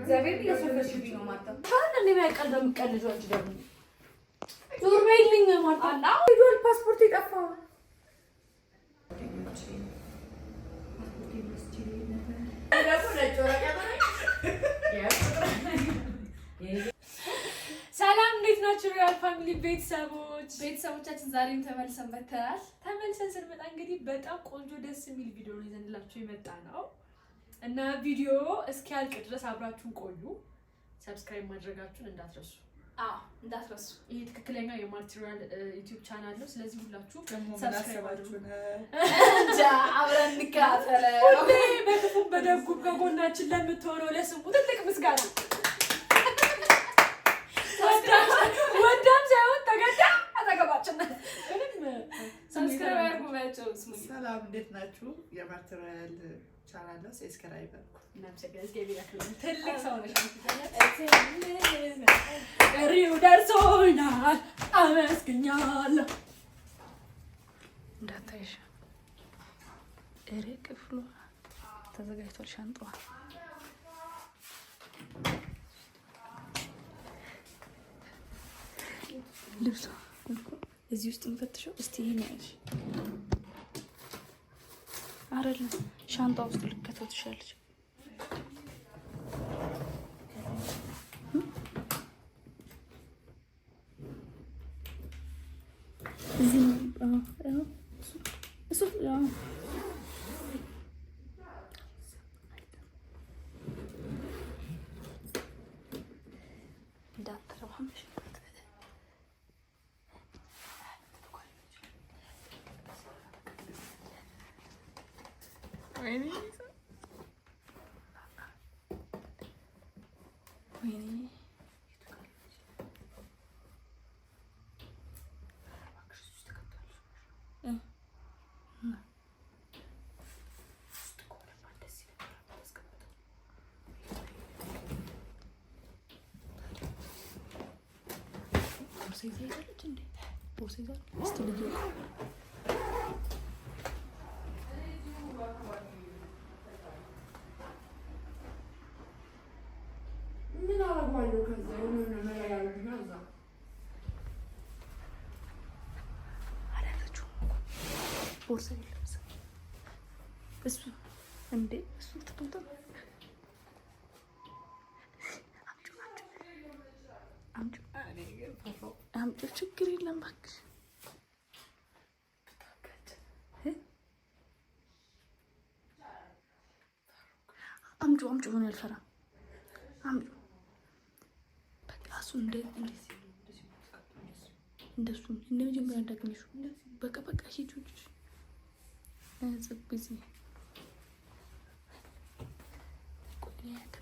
እግዚአብሔር እያስፈለሽብኝ ነው ማርታ። በአንድ የሚያቀል ፓስፖርት የጠፋ ሰላም እንዴት ናችሁ? ሪያል ፋሚሊ ቤተሰቦች ቤተሰቦቻችን ዛሬም ተመልሰን መተናል። ተመልሰን ስንመጣ እንግዲህ በጣም ቆንጆ ደስ የሚል ቪዲዮ ነው ይዘንላችሁ የመጣ ነው። እና ቪዲዮ እስኪያልቅ ድረስ አብራችሁን ቆዩ። ሰብስክራይብ ማድረጋችሁን እንዳትረሱ እንዳትረሱ። ይሄ ትክክለኛ የማቴሪያል ዩቲዩብ ቻናል ነው። ስለዚህ ሁላችሁ አብረን በደጉም ከጎናችን ለምትሆነው ለስሙ ትልቅ ምስጋና እንዴት ናችሁ? የማትሪያል ቻናል ሰብስክራይበር ሪው ደርሶናል። አመስግኛለሁ። እንዳታይሻ እሬ ክፍሏ ተዘጋጅቷል። ሻንጣዋ ልብሷ እዚህ ውስጥ የምፈትሸው እስቲ ይሄን አይደለም ሻንጣ ውስጥ ልከተትሻለች። ቦርሳ ይዛለች እንዴ? ቦርሳ ይዛለች። ቦርሳ የለብሰ እሱ እንዴ እሱ ትቶታ አምጩ ችግር የለም እባክሽ። አምጩ አምጩ ሆነ አልፈራም። አምጩ በቃ እሱ እንደ እንደሱ እንደመጀመሪያ እንዳገኘሽው በቃ በቃ ሂጂ ውጪ It's a busy. Гуляет.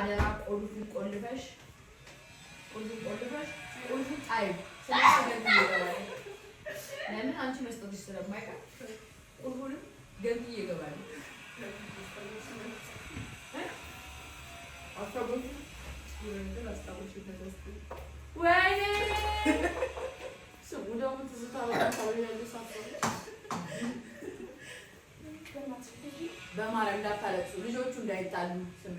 አደራ ቆልፉን ቆልፈሽ ቆልፉን ቆልፈሽ ቆልፉን ጣይ። ለምን አንቺ መስጠትሽ ስለማይቀር ቁልፉንም ገንብዬ እገባለሁ። በማርያም እንዳታለቅሱ ልጆቹ እንዳይጣሉ ስሜ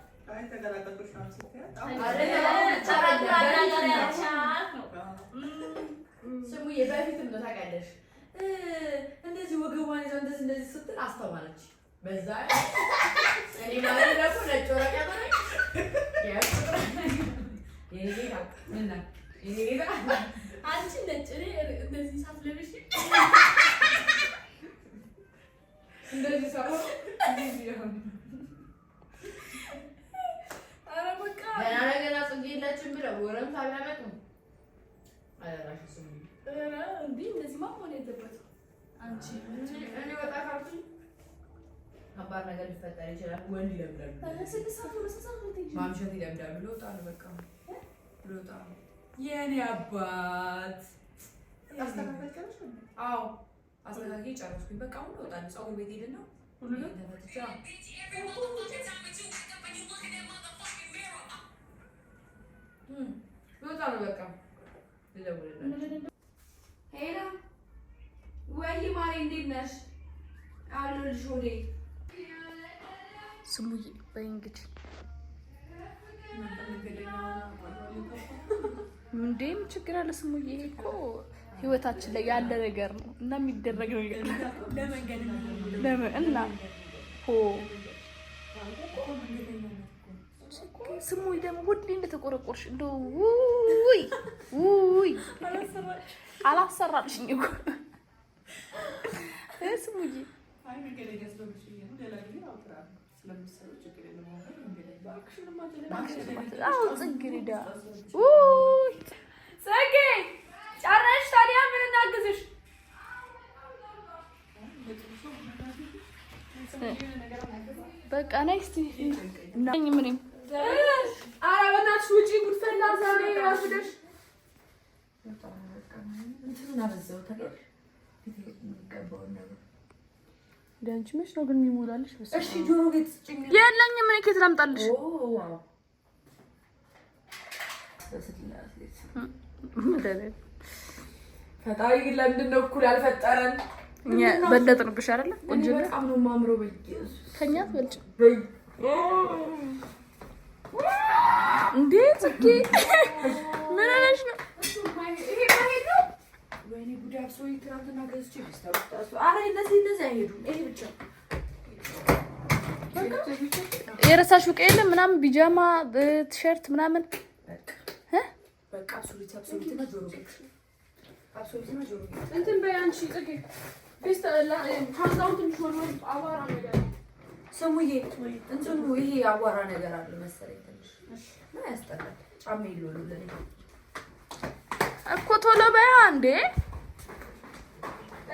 ስሙዬ በፊትም ነው ታውቂያለሽ፣ እንደዚህ ወገቧን ይዛ እንደዚህ እንደዚህ ስትል አስተዋለች። በዛ እኔ ነጭ ወረቀት አንቺ ነጭ እንደዚህ ሳትለብሽ እንደዚህ ገና ለገና ጽጌ የላችም ብለው ወረምታ ቢያመጡ ከባድ ነገር ሊፈጠር ይችላል። ወንድ ይለምዳሉ፣ ማምሸት ይለምዳሉ። ልወጣ ነው በቃ ልወጣ ነው። የኔ አባት አስተካከል ጨረስኩኝ። በቃ አሁን ልወጣ ነው። ፀጉር ቤት ሄድን ነው ሁሉንም በቃ ሄላ ወይ ስሙዬ በይ እንግዲህ ምንድን ችግር አለ ስሙዬ እኮ ህይወታችን ላይ ያለ ነገር ነው እና የሚደረግ ነገር እና ሆ ስሙ ደግሞ ሁሌ እንደተቆረቆርሽ እንደ ውይ ውይ አላሰራልሽኝ እኮ ስሙኝ ጽጌረዳ ጽጌ ጨረሽ? ታዲያ ምን እናግዝሽ? በቃ ነይ እስኪ ምንም ኧረ በእናትሽ ውጪ ጉድፈላ ዛሬ ያስደሽ ዳንቺ መች ነው ግን የሚሞላልሽ? እሺ ጆሮ ጌጥ ስጭኝ። የለኝም እኔ ከየት ላምጣልሽ? ኦ ፈጣሪ ግን ለምንድን ነው እኩል ያልፈጠረን? እኛ በለጥንብሽ አይደለ? ቆንጆ በጣም ነው ማምሮ በኢየሱስ ከኛ ትበልጭ እንዴ ጽጌ ምን አለሽ ነው? የረሳሽው ዕቃ የለም ምናምን ቢጃማ፣ ቲሸርት ምናምን እንትን በይ አንቺ ፅጌ ነገር ስሙዬ፣ እንትኑ ይሄ አቧራ ነገር አለ መሰለኝ ትንሽ ያስጠላል። ጫማ የለውም እኮ ቶሎ በያ እንዴ!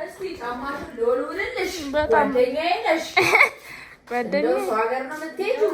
እስኪ ጫማሽን ልወልውልልሽ። ጓደኛዬ ነሽ። ጓደኛዬ ሀገር ነው የምትሄጂው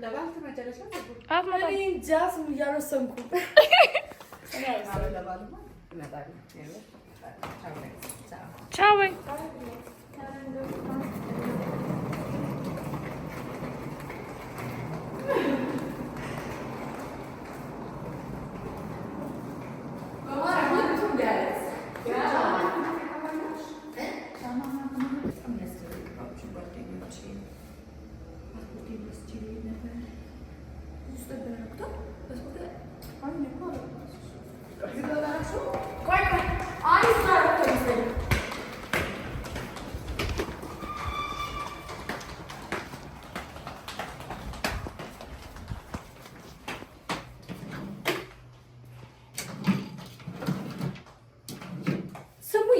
Levanta me interesa porque. Ah, Marín, ya son ya no son cu. Ciao. Ciao. Ciao.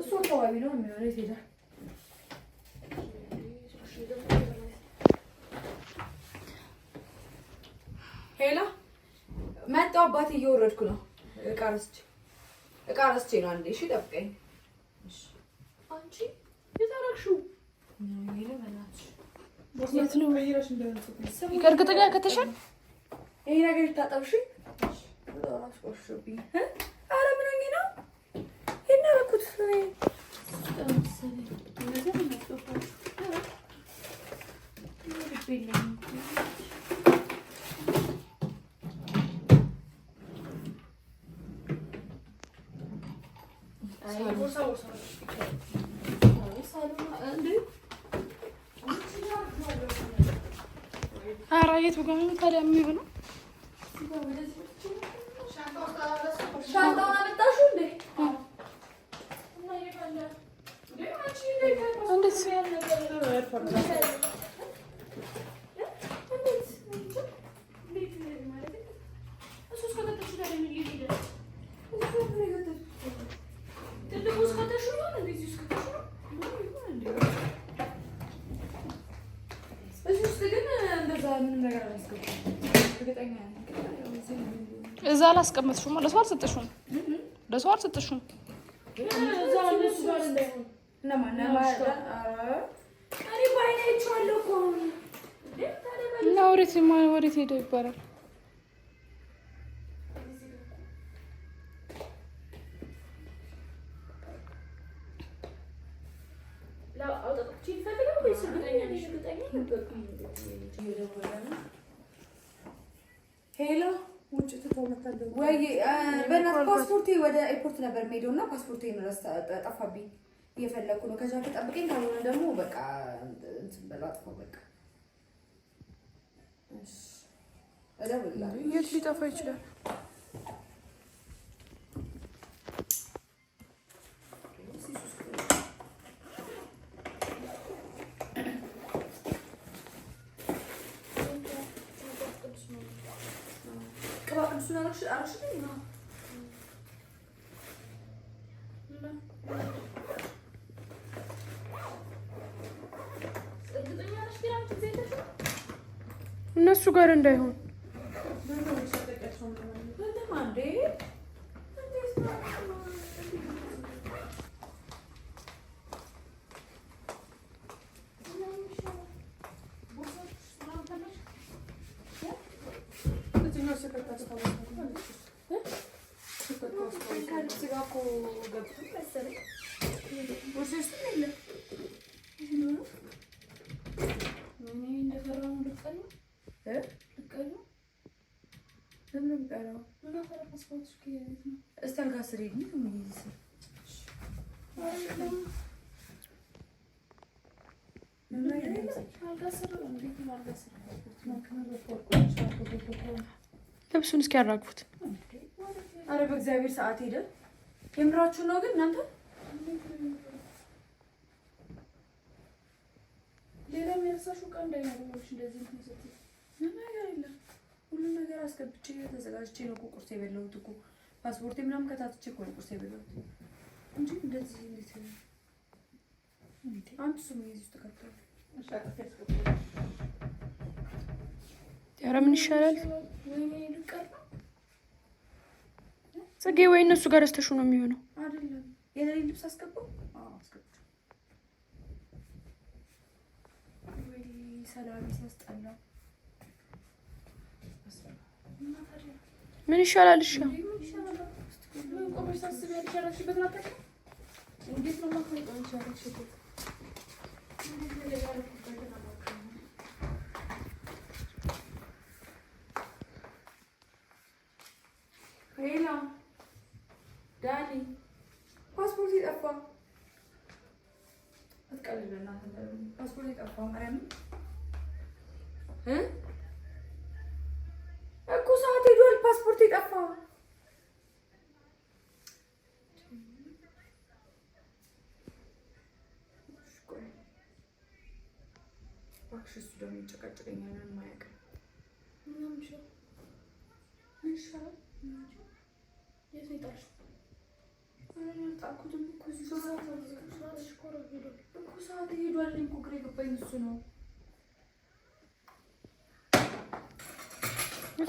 እሱ አካባቢ ነው የሚሆነው። የት ሄዳል? ሄላ መጣሁ። አባቴ እየወረድኩ ነው። እቃ ረስቼ እቃ ረስቼ ነው። አንዴ እሺ፣ ጠብቀኝ። አንቺ የታረግሽው እርግጠኛ ከተሻል ይሄ ነገር ይታጠብሽ። አራየት ብጎ ታዲያ የሚሆነው አላስቀመጥሽውም። ለሰው አልሰጠሽውም። ለሰው አልሰጠሽውም። እና ወዴት ወዴት ሄደ ይባላል። ወይ በእናትህ ፓስፖርቴ ወደ ኤርፖርት ነበር የምሄደው እና ፓስፖርቴን ጠፋብኝ። እየፈለኩ ነው። ከዛ ተጠብቀኝ፣ ካልሆነ ደግሞ በቃ እንትን በለው አጥፋው። በቃ የት ሊጠፋ ይችላል? እነሱ ጋር እንዳይሆን እስቲ አልጋ ስር ሄድን ልብሱን እስኪ ያራግፉት። አረ በእግዚአብሔር ሰዓት ሄደ። የምራችሁ ነው ግን እናንተ ሌላ የሚያሳሹ ቃ እንዳይኖሮች እንደዚህ ምንም ነገር የለም። ሁሉም ነገር አስገብቼ ተዘጋጅቼ ነው ቁርስ የበላሁት እኮ ፓስፖርት ምናምን ከታትቼ እኮ ነው ቁርስ የበላሁት እንጂ እንደዚህ እንዴት አንድ ሱም ይዝ ተከፍቷል። ኧረ ምን ይሻላል? ጽጌ ወይ እነሱ ጋር ስተሹ ነው የሚሆነው። አይደለም የሌሊት ልብስ አስገባው። ሰላም ሲያስጠላ ምን ይሻላል? እሺ ሌላ ዳኒ ፓስፖርት የጠፋ አትቀልለና ፓስፖርት የጠፋ ማርያምን እኮ ሰዓት ሄዷል። ፓስፖርት የጠፋ እባክሽ። እሱ ደግሞ ይጨቃጭቀኛል። ምንም አያውቅም። ሰዓት ሄዷል። እኮ ግራ የገባኝ እሱ ነው።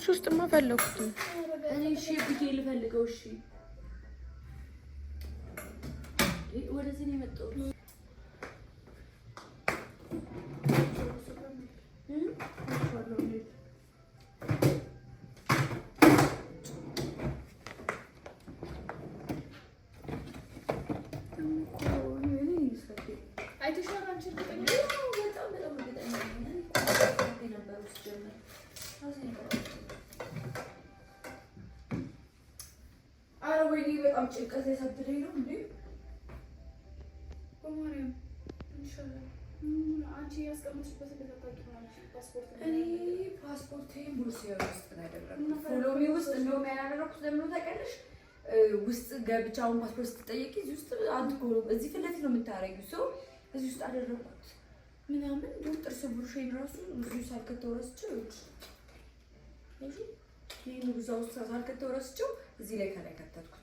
ቁልፍሽ ውስጥማ ፈለኩት። እኔ እሺ ብዬ ልፈልገው። ጭንቀት የከበደኝ ነው እንዴ? በማርያም አንቺ ያስቀመጥሽበት እኔ ፓስፖርቴን ቦርሳዬ ውስጥ ነው ያደረኩት። ፎሎሚ ውስጥ እንደውም ያላደረኩት ለምን ታውቂያለሽ? ውስጥ ገብቼ አሁን ፓስፖርት ስትጠይቂ እዚህ ውስጥ እዚህ ፊት ለፊት ነው የምታረጊው ሰው እዚህ ውስጥ አደረኩት ምናምን እንደውም ጥርስ ብሩሼን ራሱ ብዙ ሳልከተው ረስቼው ይህን ብዙ ውስጥ ሳልከተው ረስቼው እዚህ ላይ ከላይ ከተትኩት።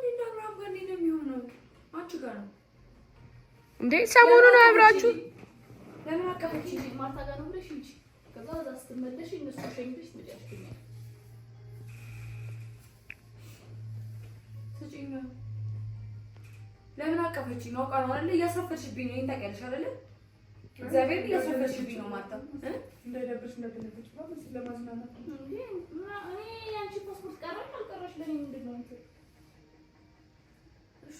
ከማናችሁ ጋር ነው እንዴ? ሰሞኑን አብራችሁ ለምን አቀፈች እንጂ ማታ ጋር ነው ብለሽ እንጂ ከዛ እዛ ስትመለሽ እነሱ ሸኝተሽ ትመጫለሽ። ለምን አቀፈች ነው ቃል አይደለ? ነው። ይሄን ታውቂያለሽ እግዚአብሔር ነው። እንዳይደብርሽ ለማዝናናት እንዴ እኔ ያንቺ ፓስፖርት አልቀረሽ ለኔ ምንድን ነው? እሺ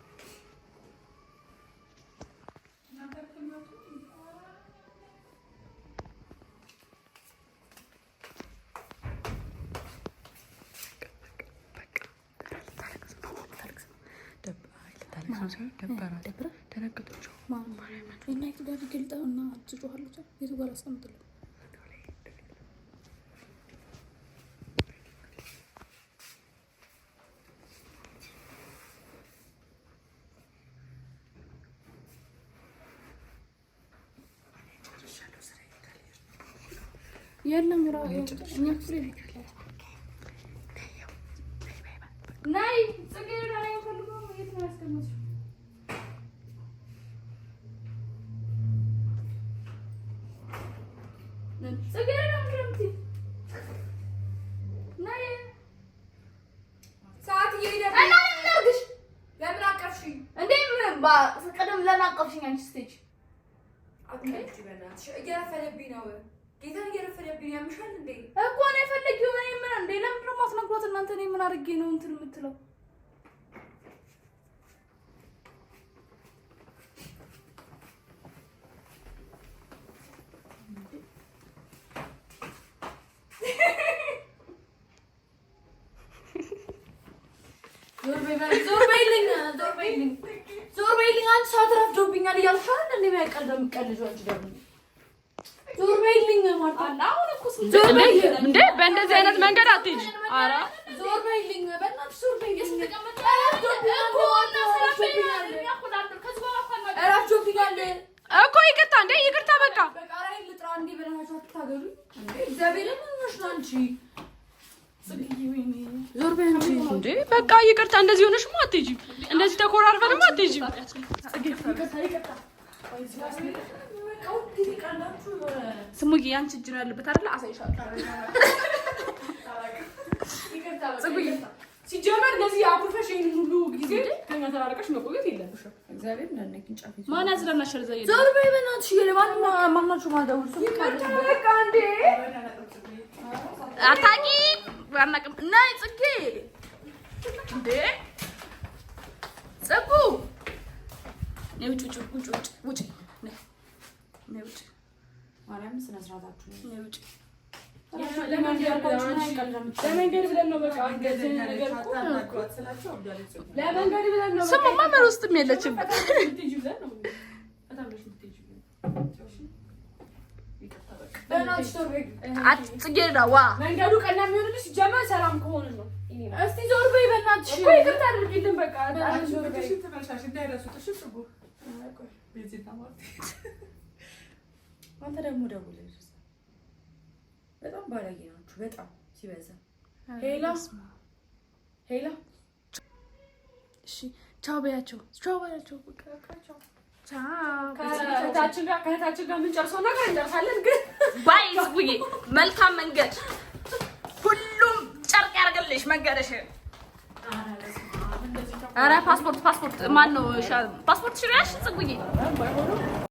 ሳይሆን ደበራት ደነገጠች። እኛ የቱ ጋር የለም ራ እኛ ክፍል ዞር በይልኝ አንቺ ሰዓት ረፍዶብኛል እያልሽ አይደል እንደ በእንደዚህ አይነት መንገድ አትሄጂ። ኧረ ዞር በይልኝ እኮ ይቅርታ እንደ ይቅርታ በቃ ልጥራ ዞር በይ እንጂ እንዴ! በቃ ይቅርታ። እንደዚህ ሆነሽማ አትሄጂም። እንደዚህ ተኮራርፈንማ አትሄጂም። ስሙዬ ያንቺ እጅ ነው ያለበት አይደለ? አሳይሻለሁ። ሲጀመር እንደዚህ አኩርፈሽ ይሄን ሁሉ ጊዜ ከኛ ተራርቀሽ መቆየት የለብሽም። እግዚአብሔር ማን ያዝናናሻል? ዘይ ዞር በይ በእናትሽ። አታቂ አናቅም። ናይ ጽጌ እንዴ ጸጉ ውጭ ውጭ ውጭ ውጭ ውጭ ውጭ ማርያም ስነ ስርዓታችሁ ውጭ ስሙማ መር ውስጥም የለችበት። አትጽጌ ነዋ። መንገዱ ቀና የሚሆንልሽ ጀመ ሰላም ከሆነ ነው። እስቲ ዞር በይ በእናትሽ እኮ ይቅርታ አድርጊልን። በቃ አንተ ደግሞ ደውለሽ በጣም ባለጌ ናችሁ። በጣም ሲበዛ ሄላ ሄላ። እሺ ቻው በያቸው፣ ቻው በያቸው። ከእህታችን ጋር ከእህታችን ጋር የምንጨርሰው ነገር እንጨርሳለን። ግን ባይ ዝቡዬ መልካም መንገድ፣ ሁሉም ጨርቅ ያደርግልሽ መንገድሽ። ኧረ ፓስፖርት ፓስፖርት ማን ነው ፓስፖርት ሽሪያሽ ጽጉዬ